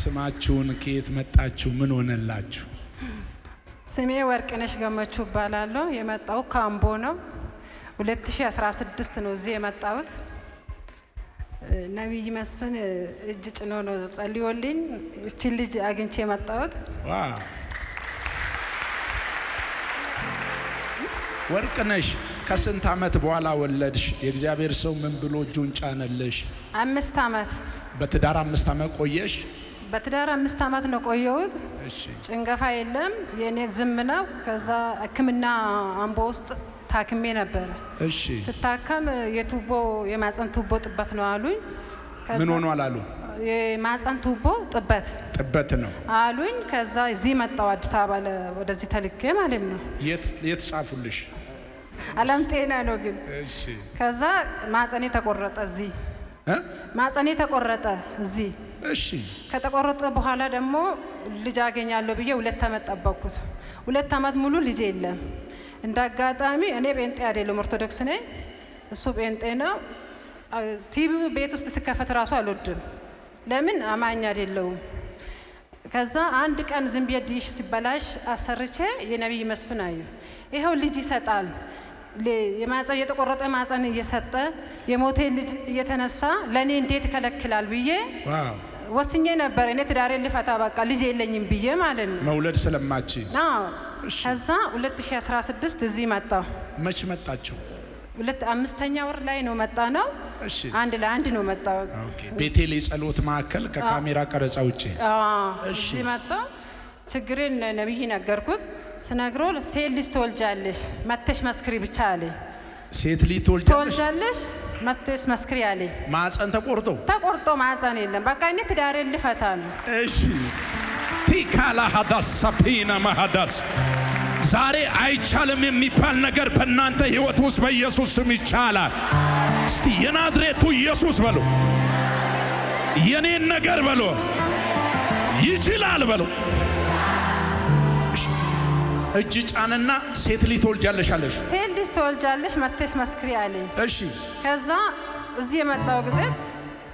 ስማችሁን፣ ከየት መጣችሁ? ምን ሆነላችሁ? ስሜ ወርቅነሽ ገመችሁ እባላለሁ። የመጣው ካምቦ ነው። 2016 ነው እዚህ የመጣሁት። ነቢይ መስፍን እጅ ጭኖ ነው ጸልዮልኝ እቺ ልጅ አግኝቼ የመጣሁት። ወርቅነሽ ከስንት አመት በኋላ ወለድሽ? የእግዚአብሔር ሰው ምን ብሎ እጁን ጫነልሽ? አምስት አመት በትዳር አምስት አመት ቆየሽ? በትዳር አምስት አመት ነው ቆየሁት። ጭንገፋ የለም የእኔ ዝም ነው። ከዛ ህክምና አምቦ ውስጥ ታክሜ ነበረ። ስታከም የቱቦ የማፀን ቱቦ ጥበት ነው አሉኝ። ምን ሆኖ አላሉ የማፀን ቱቦ ጥበት ጥበት ነው አሉኝ። ከዛ እዚህ መጣው አዲስ አበባ ወደዚህ ተልኬ ማለት ነው። የት ጻፉልሽ? አለም ጤና ነው ግን ከዛ ማፀኔ ተቆረጠ። እዚህ ማፀኔ ተቆረጠ እዚህ እሺ ከተቆረጠ በኋላ ደግሞ ልጅ አገኛለሁ ብዬ ሁለት አመት ጠበቅኩት። ሁለት አመት ሙሉ ልጅ የለም። እንደ አጋጣሚ እኔ ጴንጤ አይደለም ኦርቶዶክስ ነኝ፣ እሱ ጴንጤ ነው። ቲቪ ቤት ውስጥ ስከፈት እራሱ አልወድም። ለምን አማኝ አይደለውም። ከዛ አንድ ቀን ዝም ብዬ ዲሽ ሲበላሽ አሰርቼ የነቢይ መስፍን አየሁ። ይኸው ልጅ ይሰጣል የተቆረጠ ማፀን እየሰጠ የሞቴ ልጅ እየተነሳ ለእኔ እንዴት ይከለክላል ብዬ ወስኜ ነበር። እኔ ትዳሬን ልፈታ በቃ ልጅ የለኝም ብዬ ማለት ነው መውለድ ስለማች ከዛ 2016 እዚህ መጣሁ። መች መጣችሁ? ሁለት አምስተኛ ወር ላይ ነው መጣ ነው። አንድ ለአንድ ነው መጣ። ቤቴል የጸሎት ማዕከል ከካሜራ ቀረጻ ውጭ እዚህ መጣ። ችግሬን ነብይ ነገርኩት። ስነግሮ ሴት ልጅ ትወልጃለሽ መተሽ መስክሪ ብቻ አለ። ሴት ልጅ ትወልጃለሽ መተሽ መስክሪ አለ። ማፀን ተቆርጦ ተቆርጦ ማፀን የለም። በቃ እኔ ትዳሬ ልፈታ ነው። እሺ ቲካላ ሀዳስ ሰፊና ማሀዳስ ዛሬ አይቻልም የሚባል ነገር በእናንተ ህይወት ውስጥ በኢየሱስ ስም ይቻላል። እስቲ የናዝሬቱ ኢየሱስ በሎ የኔን ነገር በሎ ይችላል በሎ እጅ ጫንና ሴት ልጅ ትወልጃለሽ አለሽ። ሴት ልጅ ትወልጃለሽ መተሽ መስክሪ አለኝ። እሺ። ከዛ እዚህ የመጣው ጊዜ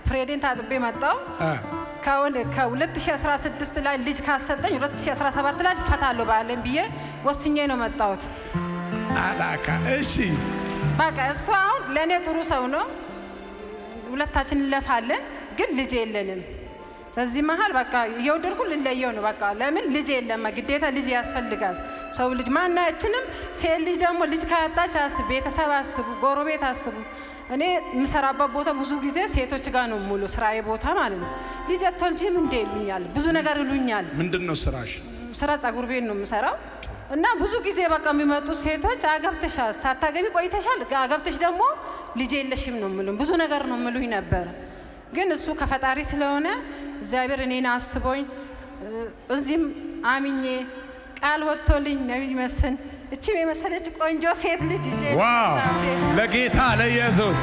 ፕሬዴንት አጥቤ መጣው። ከ2016 ላይ ልጅ ካልሰጠኝ 2017 ላይ ፈታለሁ ባለኝ ብዬ ወስኜ ነው መጣሁት። አላካ እሺ። በቃ እሱ አሁን ለእኔ ጥሩ ሰው ነው። ሁለታችን እንለፋለን፣ ግን ልጅ የለንም። በዚህ መሀል በቃ እየወደድኩ ልለየው ነው። በቃ ለምን ልጅ የለም? ግዴታ ልጅ ያስፈልጋል። ሰው ልጅ ማናችንም ሴት ልጅ ደግሞ ልጅ ካያጣች አስብ፣ ቤተሰብ አስቡ፣ ጎረቤት አስቡ። እኔ የምሰራበት ቦታ ብዙ ጊዜ ሴቶች ጋር ነው ሙሉ ስራዬ ቦታ ማለት ነው። ልጅ አትወልጂም እንዴ ይሉኛል፣ ብዙ ነገር ይሉኛል። ምንድን ነው ስራሽ? ስራ ጸጉር ቤት ነው የምሰራው እና ብዙ ጊዜ በቃ የሚመጡ ሴቶች አገብተሻል፣ ሳታገቢ ቆይተሻል፣ አገብተሽ ደግሞ ልጅ የለሽም ነው ምሉ፣ ብዙ ነገር ነው ምሉኝ ነበር። ግን እሱ ከፈጣሪ ስለሆነ እግዚአብሔር እኔን አስቦኝ እዚህም አምኜ ቃል ወጥቶልኝ ነቢይ መስፍን እችም የመሰለች ቆንጆ ሴት ልጅ ዋው ለጌታ ለኢየሱስ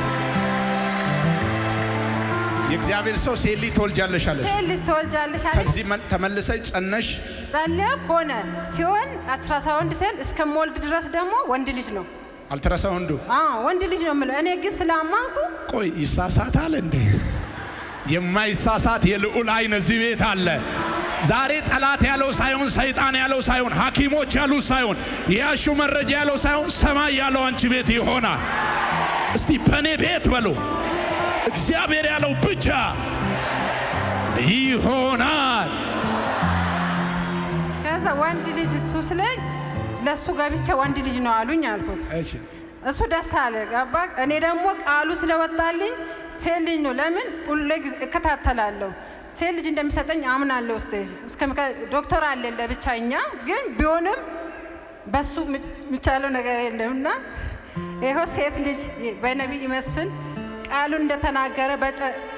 የእግዚአብሔር ሰው ሴት ልጅ ትወልጃለሽ ሴት ልጅ ትወልጃለሽ አለሽ። ከዚህ ተመልሰሽ ጸነሽ። ጸለ ሆነ ሲሆን አልትራሳውንድ እስከ ሞልድ ድረስ ደግሞ ወንድ ልጅ ነው። አልትራሳውንዱ ወንድ ልጅ ነው የምለው እኔ ግን ስላማንኩ፣ ቆይ ይሳሳታል እንዴ? የማይሳሳት የልዑል አይን እዚህ ቤት አለ። ዛሬ ጠላት ያለው ሳይሆን ሰይጣን ያለው ሳይሆን ሐኪሞች ያሉት ሳይሆን ያሹ መረጃ ያለው ሳይሆን ሰማይ ያለው አንቺ ቤት ይሆናል። እስቲ በእኔ ቤት በሉ እግዚአብሔር ያለው ብቻ ይሆናል። ከዛ ወንድ ልጅ ሱስ ላይ ለእሱ ጋብቻ ወንድ ልጅ ነው አሉኝ አልኩት። እሱ ደስ አለ ገባ። እኔ ደግሞ ቃሉ ስለወጣልኝ ሴት ልጅ ነው ለምን ሁሌ እከታተላለሁ ሴት ልጅ እንደሚሰጠኝ አምናለሁ። ውስጤ እስከ ዶክተር አለን ለብቻ እኛ ግን ቢሆንም በሱ የሚቻለው ነገር የለም እና ይኸው ሴት ልጅ በነቢይ መስፍን ቃሉን እንደተናገረ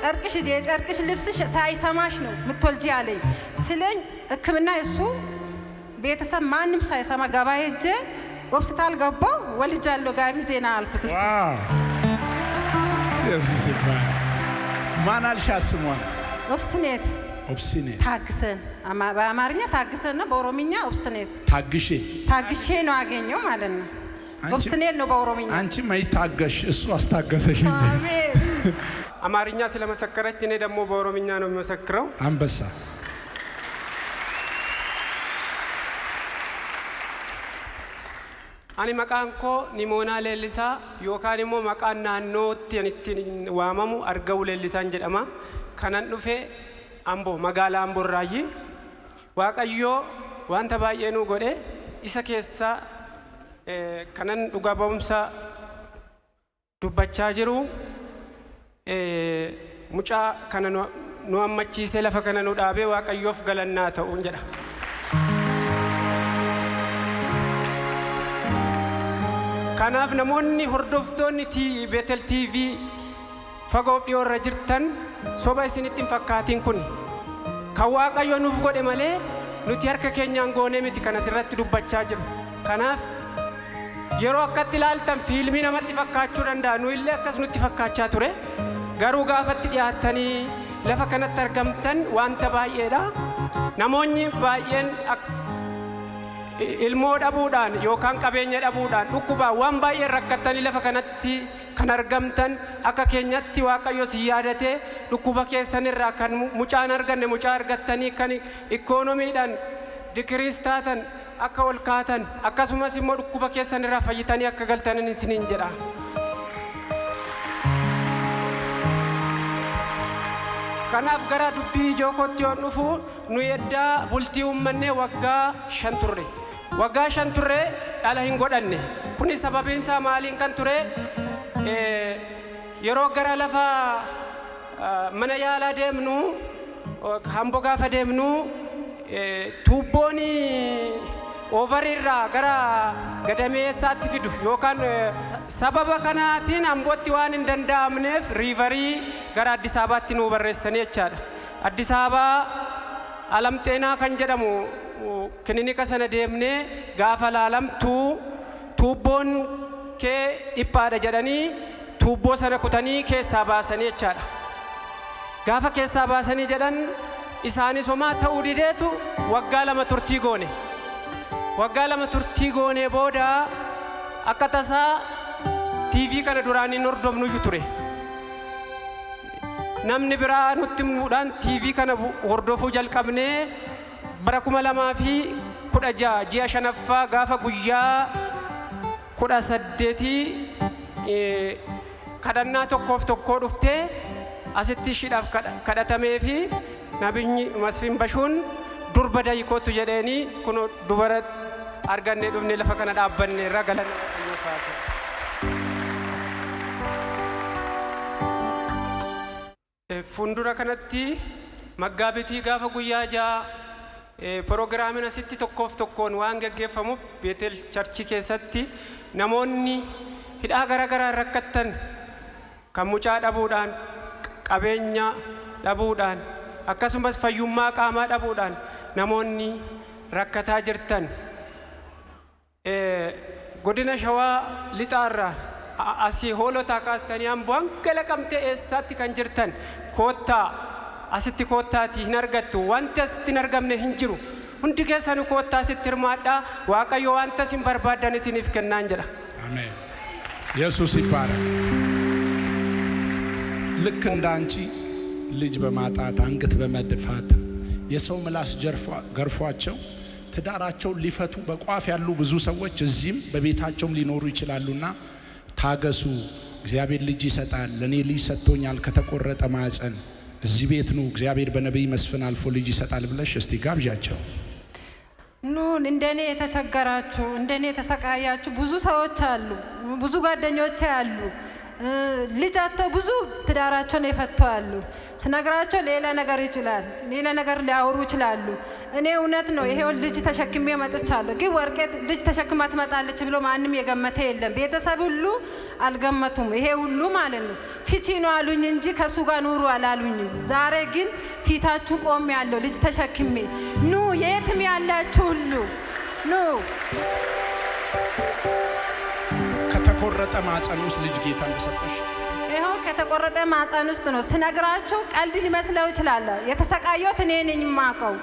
ጨርቅሽ የጨርቅሽ ልብስሽ ሳይሰማሽ ነው ምትወልጂ አለኝ ስለኝ ሕክምና እሱ ቤተሰብ ማንም ሳይሰማ ገባ ሄጄ ሆስፒታል ገባሁ። ወልጃለሁ ጋቢ ዜና አልኩት። ማን አልሻ ስሟል ኦብስኔት ኦብስኔት ታግሰን በአማርኛ ታግሰን ነው፣ በኦሮምኛ ኦብስኔት ታግሼ ታግሼ ነው አገኘው ማለት ነው። ኦብስኔት ነው በኦሮምኛ። አንቺ ማይታገሽ እሱ አስታገሰሽ እንጂ አማርኛ ስለመሰከረች እኔ ደግሞ በኦሮምኛ ነው የሚመሰክረው። አንበሳ አኒ መቃን ኮ ኒሞና ሌሊሳ ዮካን ሞ መቃን ናኖ ቲንቲን ዋመሙ አርገው ሌሊሳን ጀደማ kanan dhufe Amboo magaalaa Amboo irraayi Waaqayyoo wanta baay'ee nu godhe isa keessaa e, kanan dhugaa dubbachaa jiru e, mucaa kana nu ammachiisee lafa kana nu dhaabee Waaqayyoof galannaa ta'uun jedha. Kanaaf namoonni hordoftoonni Beetel TV dhihoo irra jirtan soba isinitti hin fakkaatiin kun kan waaqayyo nuuf godhe malee nuti harka keenyaan goonee miti kanas irratti dubbachaa jiru. Kanaaf yeroo akkatti ilaaltan fiilmii namatti fakkaachuu danda'a nu illee akkas nutti fakkaachaa ture garuu gaafatti dhiyaattanii lafa kanatti argamtan wanta baay'eedha. Namoonni baay'een ilmoo dhabuudhaan yookaan qabeenya dhabuudhaan dhukkubaa waan baay'een rakkatanii lafa kanatti. kan argamtan akka keenyatti waaqayyo si yaadatee dhukkuba keessan irraa kan mucaan arganne mucaa argattanii kan ikkoonomiidhaan dikiriis taatan akka ol kaatan akkasumas immoo dhukkuba keessan irraa fayyitanii akka galtanan isiniin jedha. kanaaf gara dubbii ijoo yoon dhufu nu yeddaa bultii uummannee waggaa shan turre waggaa shan turre dhala hin godhanne kuni sababiinsaa maaliin kan ture yeroo gara lafaa mana yaalaa deemnu hamboo gaafa deemnu tuubboon oovarirraa gara gadameessaatti fidu yookaan sababa kanaatiin hambootti waan hin danda'amneef riivarii gara Addis Abaatti nu barreessanii jechaadha. Addis Abaa alam xeenaa kan jedhamu kilinika sana deemnee gaafa laalamtu tuubboon kee dhiphaadha jedhanii tuubboo sana kutanii keessaa baasanii jechaadha. Gaafa keessaa baasanii jedhan isaanis homaa ta'uu dideetu waggaa lama turtii goone. Waggaa lama turtii goone booda akka tasaa tiivii kana duraan hin hordofnuutu ture. Namni biraa nutti muudhaan tiivii kana hordofuu jalqabnee bara kuma lamaa fi kudha jaha ji'a shanaffaa gaafa guyyaa kudha saddeetii kadhannaa tokkoof tokkoo dhuftee asitti ishiidhaaf kadhatamee fi nabiyyi Masfiin Bashuun durba dayikootu jedheenii kun dubara argannee dhufne lafa kana dhaabbanne irraa galanna Fundura kanatti maggaabitii gaafa guyyaa jaa pirogiraamiin asitti tokkoof tokkoon waan gaggeeffamuuf Beetel charchi keessatti namoonni hidhaa garaagaraa rakkattan kan mucaa dhabuudhaan qabeenya dhabuudhaan akkasumas fayyummaa qaamaa dhabuudhaan namoonni rakkataa jirtan godina shawaa lixaa irraa asii hoolotaa kaastanii hambaan gala qabtee eessaatti kan jirtan koottaa asitti koottaati hin argattu wanti asitti hin argamne hin jiru. hundi keessan koottaa sitti hirmaadhaa waaqayyo wanta isin barbaadan isiniif kennaan jedha. አሜን ኢየሱስ ይባረክ። ልክ እንደ አንቺ ልጅ በማጣት አንገት በመድፋት የሰው ምላስ ገርፏቸው ትዳራቸው ሊፈቱ በቋፍ ያሉ ብዙ ሰዎች እዚህም በቤታቸውም ሊኖሩ ይችላሉና ታገሱ። እግዚአብሔር ልጅ ይሰጣል። ለእኔ ልጅ ሰጥቶኛል ከተቆረጠ ማፀን እዚህ ቤት ነው እግዚአብሔር በነቢይ መስፍን አልፎ ልጅ ይሰጣል ብለሽ እስቲ ጋብዣቸው። ኑን እንደኔ የተቸገራችሁ እንደኔ የተሰቃያችሁ ብዙ ሰዎች አሉ። ብዙ ጓደኞች አሉ። ልጅ አጥተው ብዙ ትዳራቸውን የፈቱ አሉ። ስነግራቸው ሌላ ነገር ይችላል፣ ሌላ ነገር ሊያወሩ ይችላሉ። እኔ እውነት ነው ይሄውን ልጅ ተሸክሜ መጥቻለሁ። ግን ወርቄ ልጅ ተሸክማ ትመጣለች ብሎ ማንም የገመተ የለም። ቤተሰብ ሁሉ አልገመቱም። ይሄ ሁሉ ማለት ነው ፊቺ ነው አሉኝ እንጂ ከእሱ ጋር ኑሩ አላሉኝም። ዛሬ ግን ፊታችሁ ቆም ያለው ልጅ ተሸክሜ ኑ፣ የትም ያላችሁ ሁሉ ኑ። ከተቆረጠ ማህፀን ውስጥ ልጅ ጌታ እንደሰጠሽ ከተቆረጠ ማህፀን ውስጥ ነው ስነግራችሁ። ቀልድ ሊመስለው ይችላል። የተሰቃየሁት እኔ ነኝ የማውቀው።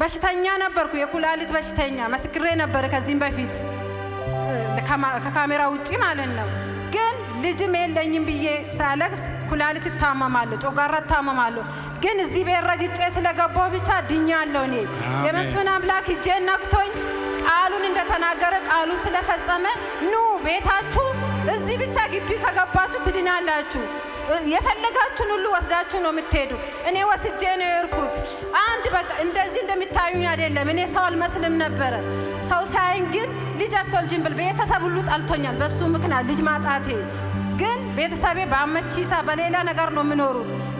በሽተኛ ነበርኩ፣ የኩላሊት በሽተኛ መስክሬ ነበር ከዚህም በፊት ከካሜራ ውጪ ማለት ነው። ግን ልጅም የለኝም ብዬ ሳለቅስ ኩላሊት እታመማለሁ፣ ጮጋራ እታመማለሁ። ግን እዚህ ቤት ረግጬ ስለገባሁ ብቻ ድኛለሁ። እኔ የመስፍን አምላክ እጄ ነክቶኝ ቃሉን እንደተናገረ ቃሉ ስለፈጸመ ኑ ቤታችሁ እዚህ ብቻ ግቢ ከገባችሁ ትድናላችሁ። የፈለጋችሁን ሁሉ ወስዳችሁ ነው የምትሄዱ። እኔ ወስጄ ነው የርኩት። አንድ በቃ እንደዚህ እንደሚታዩኝ አይደለም። እኔ ሰው አልመስልም ነበረ። ሰው ሳይን ግን ልጅ አትወልጂም ብል ቤተሰብ ሁሉ ጠልቶኛል። በሱ ምክንያት ልጅ ማጣቴ ግን ቤተሰቤ በአመቺሳ በሌላ ነገር ነው የምኖሩ።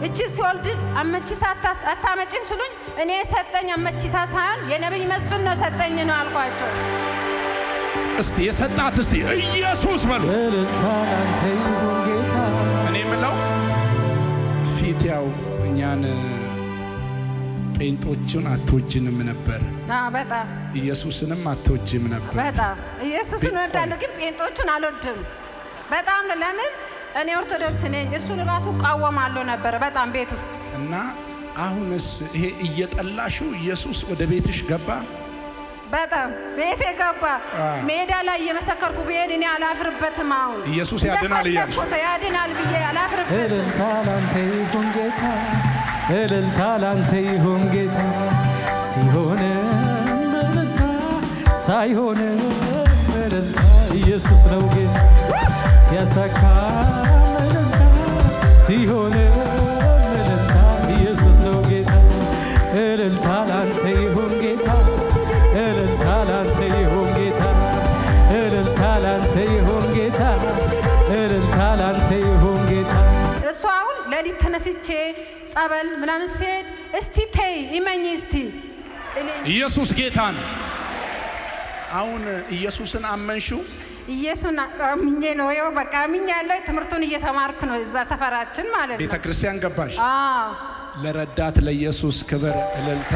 እቺ ሲወልድ አመቺሳ አታመጪም ስሉኝ እኔ የሰጠኝ አመቺሳ ሳይሆን የነቢይ መስፍን ነው ሰጠኝ ነው አልኳቸው። እስቲ የሰጣት እስቲ ኢየሱስ በሉ የምለው ፊት ያው እኛን ጴንጦችን አትወጅንም ነበር። በጣም ኢየሱስንም አትወጅም ነበር። በጣም ኢየሱስን ወዳለ ግን ጴንጦቹን አልወድም። በጣም ለምን እኔ ኦርቶዶክስ ነኝ። እሱን ራሱ እቃወማለሁ ነበር በጣም ቤት ውስጥ እና አሁንስ ይሄ እየጠላሽው ኢየሱስ ወደ ቤትሽ ገባ። በጣም ቤት የገባ ሜዳ ላይ እየመሰከርኩ ብሄድ እኔ አላፍርበትም። አሁን ኢየሱስ ያድናል እያልሽ ያድናል ብዬ አላፍርበትም። እልልታ ላንተ ይሁን ጌታ፣ እልልታ ላንተ ይሁን ጌታ። እልልታ እልልታ ኢየሱስ ነው ጌታ ሲያሳካ እልልታ ሲሆን ሌሊት ተነስቼ ጸበል ምናምን ሲሄድ እስቲ ተይ ይመኝ እስቲ ኢየሱስ ጌታ ነው። አሁን ኢየሱስን አመንሹ? ኢየሱስን አምኜ ነው ይኸው በቃ አምኜ ያለው ትምህርቱን እየተማርኩ ነው። እዛ ሰፈራችን ማለት ነው ቤተክርስቲያን ገባሽ? ለረዳት ለኢየሱስ ክብር እልልታ